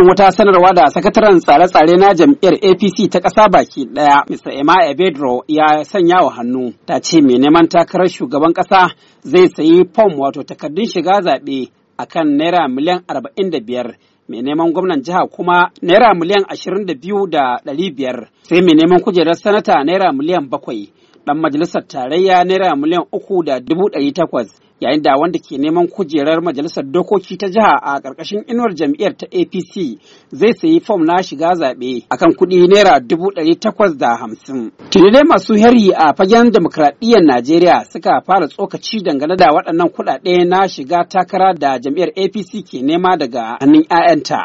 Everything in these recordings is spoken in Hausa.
aikin wata sanarwa da sakataren tsare-tsare na jam'iyyar apc ta ƙasa baki ɗaya mr emma ebedro ya sanya wa hannu ta ce mai neman takarar shugaban ƙasa zai sayi fom wato takardun shiga zaɓe a kan naira miliyan arba'in da biyar mai neman gwamnan jiha kuma naira miliyan ashirin da biyu da ɗari biyar sai mai neman kujerar sanata naira miliyan bakwai ɗan majalisar tarayya naira miliyan uku da dubu ɗari takwas yayin da wanda ke neman kujerar majalisar dokoki ta jiha a ƙarƙashin inuwar jam'iyyar ta apc zai sayi fom na shiga zaɓe akan kuɗi naira dubu ɗari takwas da hamsin tunanin masu heri a fagen demokradiyyar najeriya suka fara tsokaci dangane da waɗannan kuɗaɗe na shiga takara da jam'iyyar apc ke nema daga hannun 'ya'yanta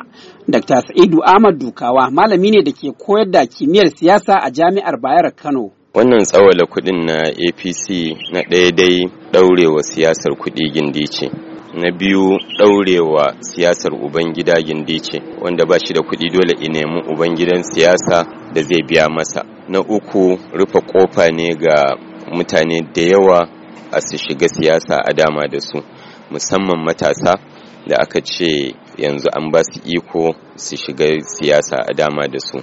dr sa'idu ahmad dukawa malami ne da ke koyar da kimiyyar siyasa a jami'ar bayar kano wannan tsawala kudin na apc na ɗaya dai ɗaurewa siyasar kudi gindi ce na biyu ɗaurewa siyasar ubangida gindi ce wanda ba shi da kudi dole in nemi ubangidan siyasa da zai biya masa na uku rufe kofa ne ga mutane da yawa a su shiga siyasa a dama da su musamman matasa da aka ce yanzu an ba su iko su shiga siyasa a dama da su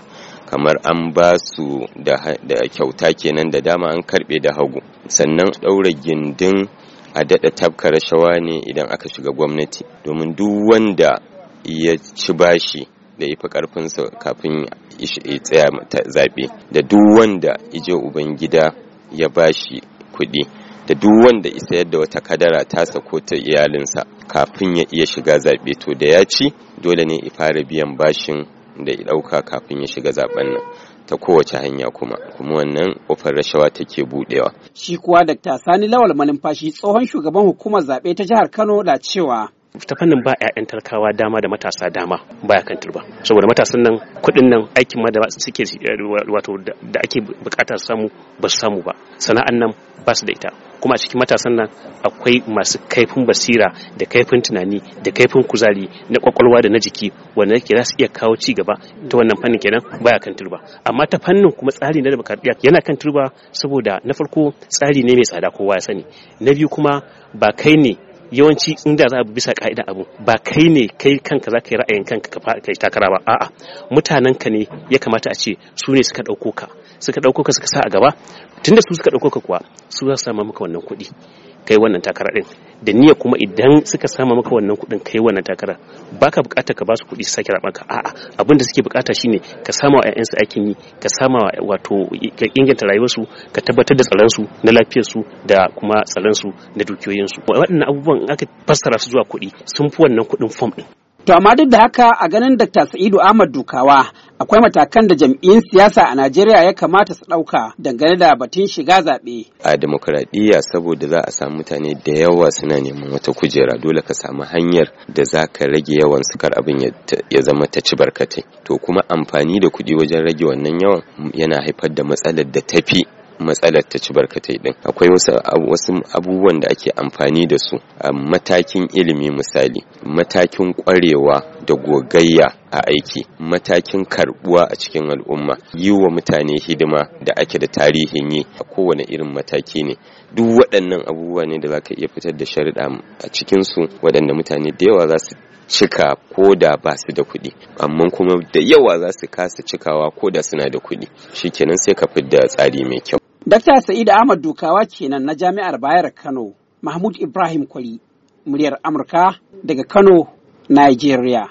kamar an ba su da kyauta kenan da dama an karbe da hagu sannan ɗaura gindin a daɗa tabka rashawa ne idan aka shiga gwamnati domin duk wanda ya ci bashi da ya fi ƙarfinsa kafin ya tsaya zaɓe da duk wanda ije ubangida ya bashi kuɗi da duk wanda isa yadda wata kadara ta ko ta iyalinsa kafin ya iya shiga zaɓe to da ya ci dole ne ya fara biyan bashin da ya ɗauka kafin ya shiga zaben nan ta kowace hanya kuma kuma wannan kofar rashawa take budewa. Shi kuwa Dr. Sani Lawal Malumfashi tsohon shugaban hukumar zaɓe ta jihar Kano da cewa ta fannin ba 'ya'yan talakawa dama da matasa dama baya kantar ba saboda matasan nan kuɗin nan aikin ma da suke wato da ake bukatar samu ba su samu ba sana'an nan ba su da ita kuma cikin matasan nan akwai masu kaifin basira da kaifin tunani da kaifin kuzari na kwakwalwa da na jiki wanda yake za su iya kawo ci gaba ta wannan fannin kenan baya kan turba amma ta fannin kuma tsari na da yana kan turba saboda na farko tsari ne mai tsada kowa ya sani na biyu kuma ba kai ne yawanci inda za a bi bisa ka'ida abu ba kai ne kai kanka za ka yi ra'ayin kanka ka yi takara ba a'a mutanen ka ne ya kamata a ce su ne suka ɗauko ka suka ɗauko ka suka sa a gaba tunda su suka ɗauko ka kuwa su za su sama maka wannan kuɗi kai wannan takara din da niyya kuma idan suka sama maka wannan kuɗin kai wannan takara baka bukata ka ba su kuɗi su sake raɓa ka a'a abin da suke bukata shine ka sama wa ƴaƴansu aikin yi ka sama wato ka inganta rayuwarsu ka tabbatar da tsaron su na lafiyar su da kuma tsaron su na dukiyoyin su waɗannan abubuwan in aka fassara su zuwa kuɗi sun fi wannan kuɗin fom din To amma duk da haka a ganin Dr. Sa'idu Ahmad Dukawa akwai matakan da jam'iyyun siyasa a Najeriya ya kamata su ɗauka dangane da batun shiga zaɓe. A demokuraɗiyya saboda za a samu mutane da yawa suna neman wata kujera dole ka samu hanyar da za ka rage yawan sukar abin ya zama ta ci barkatai. To kuma amfani da kuɗi wajen rage wannan yawan yana haifar da matsalar da tafi matsalar ta ci barkatai din akwai wasu abubuwan da ake amfani da su a matakin ilimi misali matakin kwarewa da gogayya a aiki matakin karbuwa a cikin al'umma yi wa mutane hidima da ake da tarihin yi a kowane irin mataki ne duk waɗannan abubuwa ne da za ka iya fitar da shari'a a cikinsu waɗanda mutane da yawa za su cika ko da ba su da kuɗi amma kuma da yawa za su kasa cikawa ko da suna da kuɗi kenan sai ka fidda tsari mai kyau Dr. Sa'id Ahmad Dukawa kenan na Jami'ar Bayar Kano Mahmud Ibrahim Kwari muryar Amurka daga Kano Nigeria